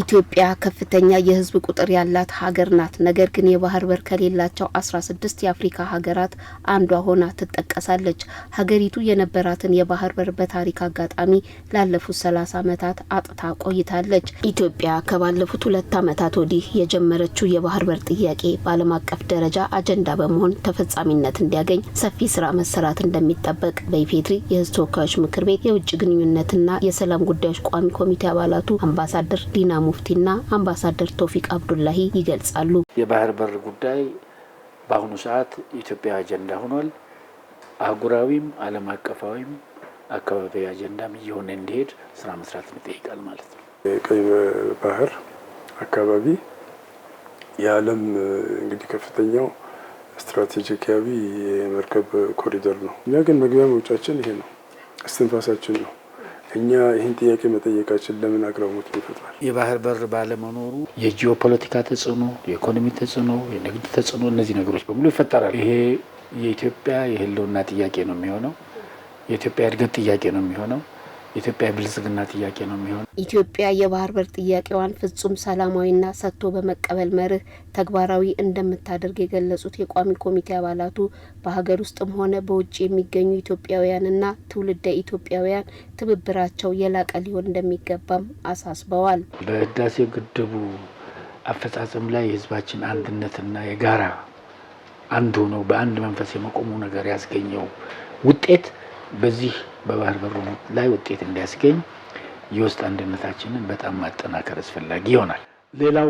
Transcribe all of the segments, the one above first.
ኢትዮጵያ ከፍተኛ የህዝብ ቁጥር ያላት ሀገር ናት። ነገር ግን የባህር በር ከሌላቸው አስራ ስድስት የአፍሪካ ሀገራት አንዷ ሆና ትጠቀሳለች። ሀገሪቱ የነበራትን የባህር በር በታሪክ አጋጣሚ ላለፉት ሰላሳ ዓመታት አጥታ ቆይታለች። ኢትዮጵያ ከባለፉት ሁለት ዓመታት ወዲህ የጀመረችው የባህር በር ጥያቄ በዓለም አቀፍ ደረጃ አጀንዳ በመሆን ተፈጻሚነት እንዲያገኝ ሰፊ ስራ መሰራት እንደሚጠበቅ በኢፌድሪ የህዝብ ተወካዮች ምክር ቤት የውጭ ግንኙነትና የሰላም ጉዳዮች ቋሚ ኮሚቴ አባላቱ አምባሳደር ዲና ሙፍቲና አምባሳደር ቶፊቅ አብዱላሂ ይገልጻሉ። የባህር በር ጉዳይ በአሁኑ ሰዓት ኢትዮጵያ አጀንዳ ሆኗል። አህጉራዊም ዓለም አቀፋዊም አካባቢ አጀንዳም እየሆነ እንዲሄድ ስራ መስራት ይጠይቃል ማለት ነው። ቀይ ባህር አካባቢ የዓለም እንግዲህ ከፍተኛው ስትራቴጂካዊ የመርከብ ኮሪደር ነው። እኛ ግን መግቢያ መውጫችን ይሄ ነው፣ እስትንፋሳችን ነው። እኛ ይህን ጥያቄ መጠየቃችን ለምን አግራሞት ይፈጥራል? የባህር በር ባለመኖሩ የጂኦ ፖለቲካ ተጽዕኖ፣ የኢኮኖሚ ተጽዕኖ፣ የንግድ ተጽዕኖ፣ እነዚህ ነገሮች በሙሉ ይፈጠራል። ይሄ የኢትዮጵያ የህልውና ጥያቄ ነው የሚሆነው። የኢትዮጵያ እድገት ጥያቄ ነው የሚሆነው። ኢትዮጵያ የብልጽግና ጥያቄ ነው የሚሆን። ኢትዮጵያ የባህር በር ጥያቄዋን ፍጹም ሰላማዊና ሰጥቶ በመቀበል መርህ ተግባራዊ እንደምታደርግ የገለጹት የቋሚ ኮሚቴ አባላቱ በሀገር ውስጥም ሆነ በውጭ የሚገኙ ኢትዮጵያውያንና ትውልደ ኢትዮጵያውያን ትብብራቸው የላቀ ሊሆን እንደሚገባም አሳስበዋል። በህዳሴ ግድቡ አፈጻጸም ላይ የህዝባችን አንድነትና የጋራ አንድ ሆነው በአንድ መንፈስ የመቆሙ ነገር ያስገኘው ውጤት በዚህ በባህር በሩ ላይ ውጤት እንዲያስገኝ የውስጥ አንድነታችንን በጣም ማጠናከር አስፈላጊ ይሆናል። ሌላው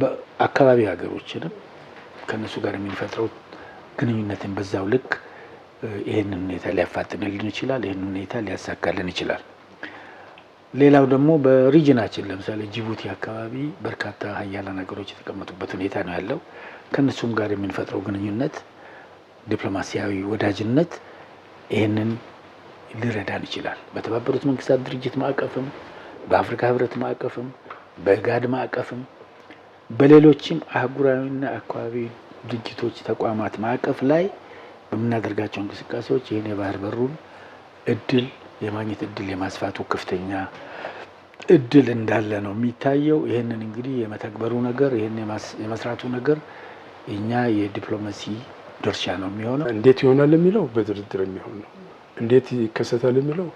በአካባቢ ሀገሮችንም ከእነሱ ጋር የምንፈጥረው ግንኙነትን በዛው ልክ ይህንን ሁኔታ ሊያፋጥንልን ይችላል። ይህንን ሁኔታ ሊያሳካልን ይችላል። ሌላው ደግሞ በሪጅናችን ለምሳሌ ጅቡቲ አካባቢ በርካታ ሀያላን ሀገሮች የተቀመጡበት ሁኔታ ነው ያለው። ከእነሱም ጋር የምንፈጥረው ግንኙነት ዲፕሎማሲያዊ ወዳጅነት ይህንን ሊረዳን ይችላል። በተባበሩት መንግስታት ድርጅት ማዕቀፍም፣ በአፍሪካ ህብረት ማዕቀፍም፣ በጋድ ማዕቀፍም፣ በሌሎችም አህጉራዊና አካባቢ ድርጅቶች ተቋማት ማዕቀፍ ላይ በምናደርጋቸው እንቅስቃሴዎች ይህን የባህር በሩን እድል የማግኘት እድል የማስፋቱ ከፍተኛ እድል እንዳለ ነው የሚታየው። ይህንን እንግዲህ የመተግበሩ ነገር ይህን የመስራቱ ነገር እኛ የዲፕሎማሲ ድርሻ ነው የሚሆነው። እንዴት ይሆናል የሚለው በድርድር የሚሆን ነው። እንዴት ይከሰታል የሚለው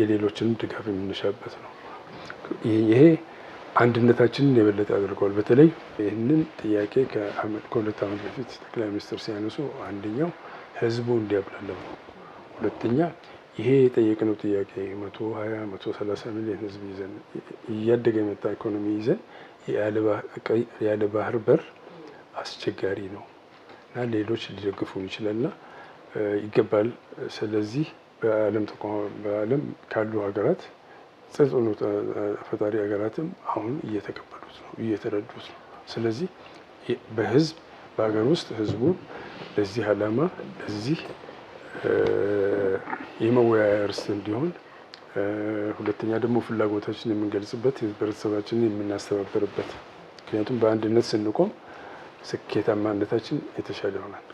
የሌሎችንም ድጋፍ የምንሻበት ነው። ይሄ አንድነታችንን የበለጠ አድርገዋል። በተለይ ይህንን ጥያቄ ከሁለት ዓመት በፊት ጠቅላይ ሚኒስትር ሲያነሱ አንደኛው ህዝቡ እንዲያብላለው ነው። ሁለተኛ ይሄ የጠየቅነው ጥያቄ መቶ ሀያ መቶ ሰላሳ ሚሊዮን ህዝብ ይዘን እያደገ የመጣ ኢኮኖሚ ይዘን ያለ ባህር በር አስቸጋሪ ነው። እና ሌሎች ሊደግፉን ይችላልና ይገባል። ስለዚህ በዓለም ካሉ ሀገራት ተጽዕኖ ፈጣሪ ሀገራትም አሁን እየተቀበሉት ነው፣ እየተረዱት ነው። ስለዚህ በህዝብ በሀገር ውስጥ ህዝቡ ለዚህ ዓላማ ለዚህ የመወያያ እርስ እንዲሆን ሁለተኛ ደግሞ ፍላጎታችን የምንገልጽበት ህብረተሰባችንን የምናስተባበርበት ምክንያቱም በአንድነት ስንቆም ስኬታማነታችን የተሻለ ይሆናል።